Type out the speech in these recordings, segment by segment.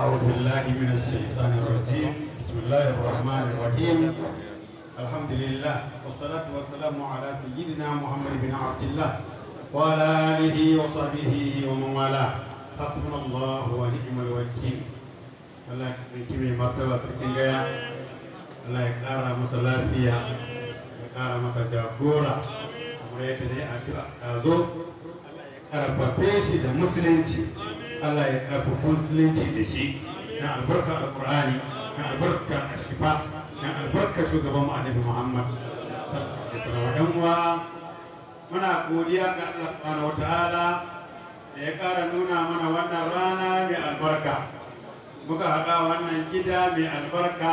أعوذ بالله من الشيطان الرجيم بسم الله الرحمن الرحيم الحمد لله والصلاة والسلام على سيدنا محمد بن عبد الله وعلى آله وصحبه ومن والاه حسبنا الله ونعم الوكيل الله يكرم مرتبة سكين جاية الله يكرم مسلافيا يكرم مسجابورا أمريتني أدعو Allah ya karfafe shi da musulunci Allah ya karfi musulunci da shi na albarkar alkur'ani na albarkar ashifa na albarkar shugaban mu annabi muhammad yan muna godiya ga Allah subhanahu wataala da ya ƙara nuna mana wannan rana mai albarka muka haɗa wannan gida mai albarka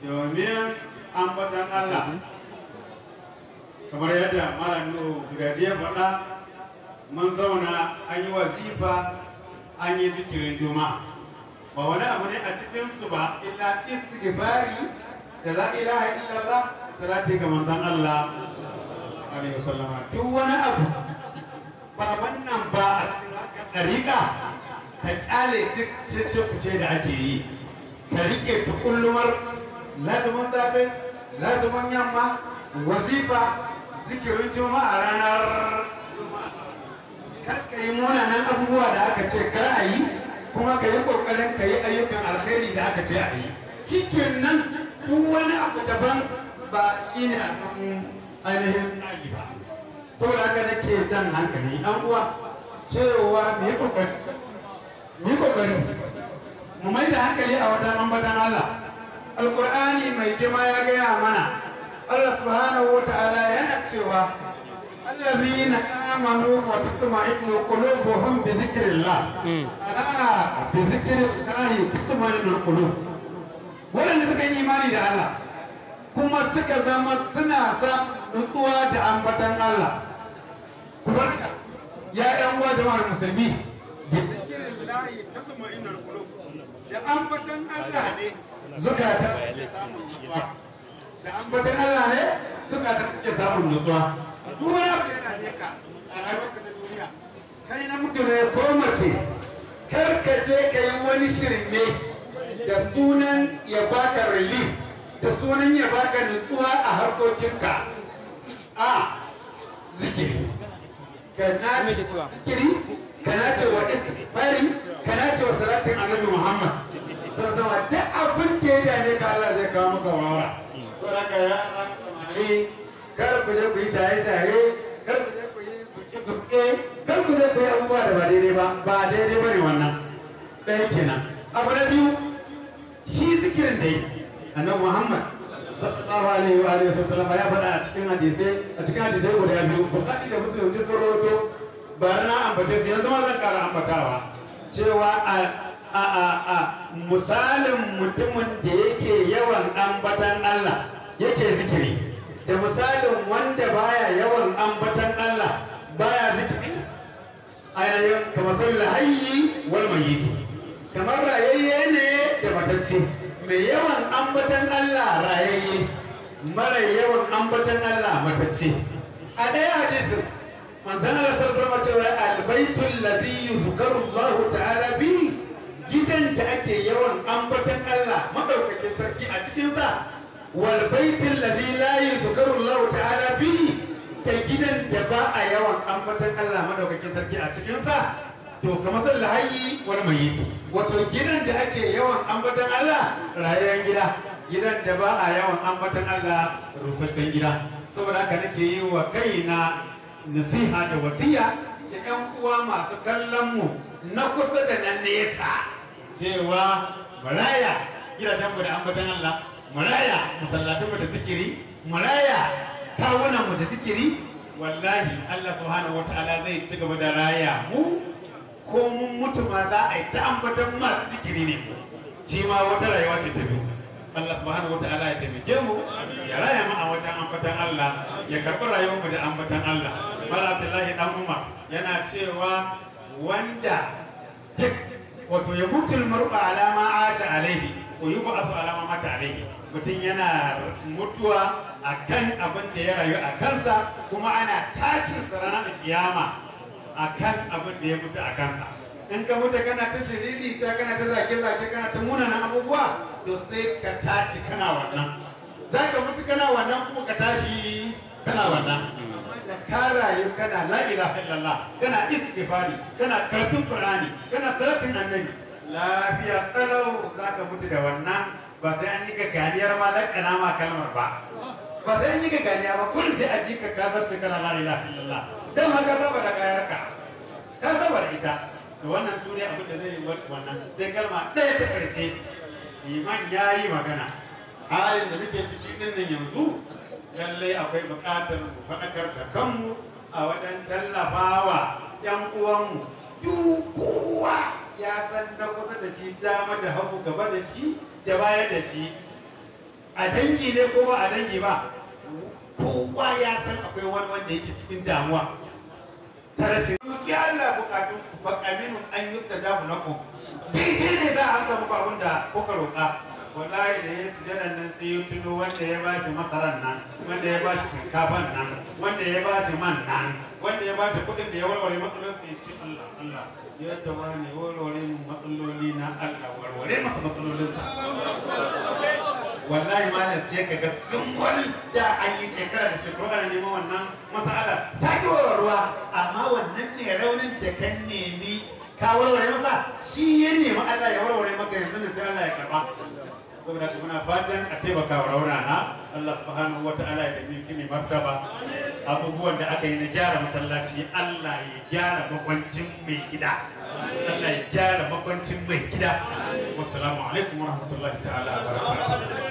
domin ambatan Allah kamar yadda malam nuhu guda faɗa mun zauna an yi wazifa an yi zikirin ba wani abu ne a cikin ba illa istighfari da la ilaha illallah salati ga manzon Allah alaihi sallama duk wani abu ba wannan ba a cikin harkar dariƙa ka kyale duk cece da ake yi ka rike tukullumar lazumin safe lazumin yamma wazifa zikirin juma'a ranar kar ka yi munanan abubuwa da aka ce kar a yi kuma ka yi kokarin ka yi ayyukan alheri da aka ce a yi cikin nan duk wani abu daban ba shi ne a ainihin tsari ba saboda haka nake jan hankali an uwa cewa mu yi kokari mu yi kokari mu mai da hankali a wata ambatan Allah alkur'ani mai girma ya gaya mana Allah subhanahu wa ta'ala yana cewa allazina آمنوا وتطمئن قلوبهم waɗanda suka imani da Allah kuma suka zama suna sa nutsuwa da ambatan Allah ya ƴan uwa jama'ar musulmi bi zikirin lahi tatma'innul qulub Allah ne zukata da ambatan Allah nutsuwa kai na mutu ne ko mace kar ka je ka yi wani shirin ne da sunan ya baka relief da sunan ya baka nutsuwa a harkokinka a zikiri kana zikiri kana ce wa istighfari kana ce wa salatin annabi muhammad zarzama duk abin da ya dame ka Allah zai kawo maka wara. to da ka ya an samari kar ku je ku yi shaye-shaye eh kar ku zai koyi abubuwa da ba daidai ba ba daidai ba ne wannan ɗaya kenan abu na biyu shi zikirin da yi annabi muhammad sallallahu alaihi wa alihi wasallam ya faɗa a cikin hadisai a cikin hadisai guda biyu bukhari da muslim duk sun rawaito bari na ambace su yanzu ma zan ƙara ambatawa cewa a a a a misalin mutumin da yake yawan ambatan Allah yake zikiri da misalin wanda baya yawan ambatan mayyiti kamar rayayye ne da matacce mai yawan ambatan Allah rayayye mara yawan ambatan Allah matacce a ɗaya hadisin manzon Allah mace alaihi albaitun albaitul ladhi yuzkaru Allah ta'ala bi gidan da ake yawan ambatan Allah maɗaukakin sarki a cikin walbaitun wal Layi ladhi la yuzkaru Allah ta'ala bi da gidan da ba a yawan ambatan Allah maɗaukakin sarki a cikin sa to kamar san lahayi wani mai wato gidan da ake yawan ambatan Allah rayuwar gida gidan da ba a yawan ambatan Allah rusasshen gida saboda haka nake yi wa kaina nasiha da wasiya ga yan uwa masu kallon mu na kusa da nan nesa cewa maraya gidajen mu da ambatan Allah maraya masallatun mu da zikiri maraya kawunan mu da zikiri wallahi Allah subhanahu wataala zai ci gaba da raya mu ko mun mutu ma za a yi ta ambatan masu zikiri ne shi ma wata rayuwa ce tafi Allah subhanahu wa ta'ala ya taimake mu ya raya mu a wajen ambatan Allah ya karɓi rayuwar mu da ambatan Allah Mala Abdullahi dan Umar yana cewa wanda duk wato ya mutul mar'a ma asha alaihi ko yi ala alama mata alaihi mutum yana mutuwa akan abin da ya rayu a kansa kuma ana tashin sarana ranar kiyama a kan abin da ya mutu a kansa in ka mutu kana ta shiriri ta kana ta zake zage kana ta munanan abubuwa to sai ka tashi kana wannan za ka mutu kana wannan kuma ka tashi kana wannan amma da ka rayu kana la ilaha illallah kana istighfari kana karatun qur'ani kana salatin annabi lafiya kalau za ka mutu da wannan ba sai an yi ga ganiyar ma lakana ma kalmar ba ba sai an yi ga ganiya ba kullum sai a ji ka kazarta kana la ilaha illallah dama ka saba da kayarka ka saba da ita to wannan su abin da zai yi wannan sai kalma ɗaya ta ƙarshe iman ya yi magana halin da muke ciki dinnan yanzu lallai akwai buƙatar mu faɗakar da kanmu a wajen tallafawa 'yan uwanmu duk kowa ya san na kusa da shi dama da hagu gaba da shi da baya da shi a dangi ne ko ba a dangi ba kowa ya san akwai wani wanda yake cikin damuwa ta rashin ya Allah bukatun ba aminu an yi ta damu na ku dai ne za a amsa muku abin da kuka roƙa wallahi da ya sujada nan sai ya tuno wanda ya bashi masaran nan wanda ya bashi shinkafan nan wanda ya bashi man nan wanda ya bashi kuɗin da ya warware matsalolin sai ya ce Allah Allah yadda wani warware matsaloli na Allah warware masa matsalolinsa wallahi malam sai ka ga sun da an yi shekara da shekaru ana neman wannan mas'alar ta ki warwarwa amma wannan ne raunin da ka nemi ka warware masa shi ya nemi Allah ya warware maka yanzu ne sai Allah ya karba saboda kuma muna fatan a taimaka wa raunana Allah subhanahu wata'ala ya tafi kini martaba abubuwan da aka yi na gyara masallaci Allah ya gyara makwancin mai gida Allah ya gyara makwancin mai gida wassalamu alaikum warahmatullahi ta'ala wa barakatuh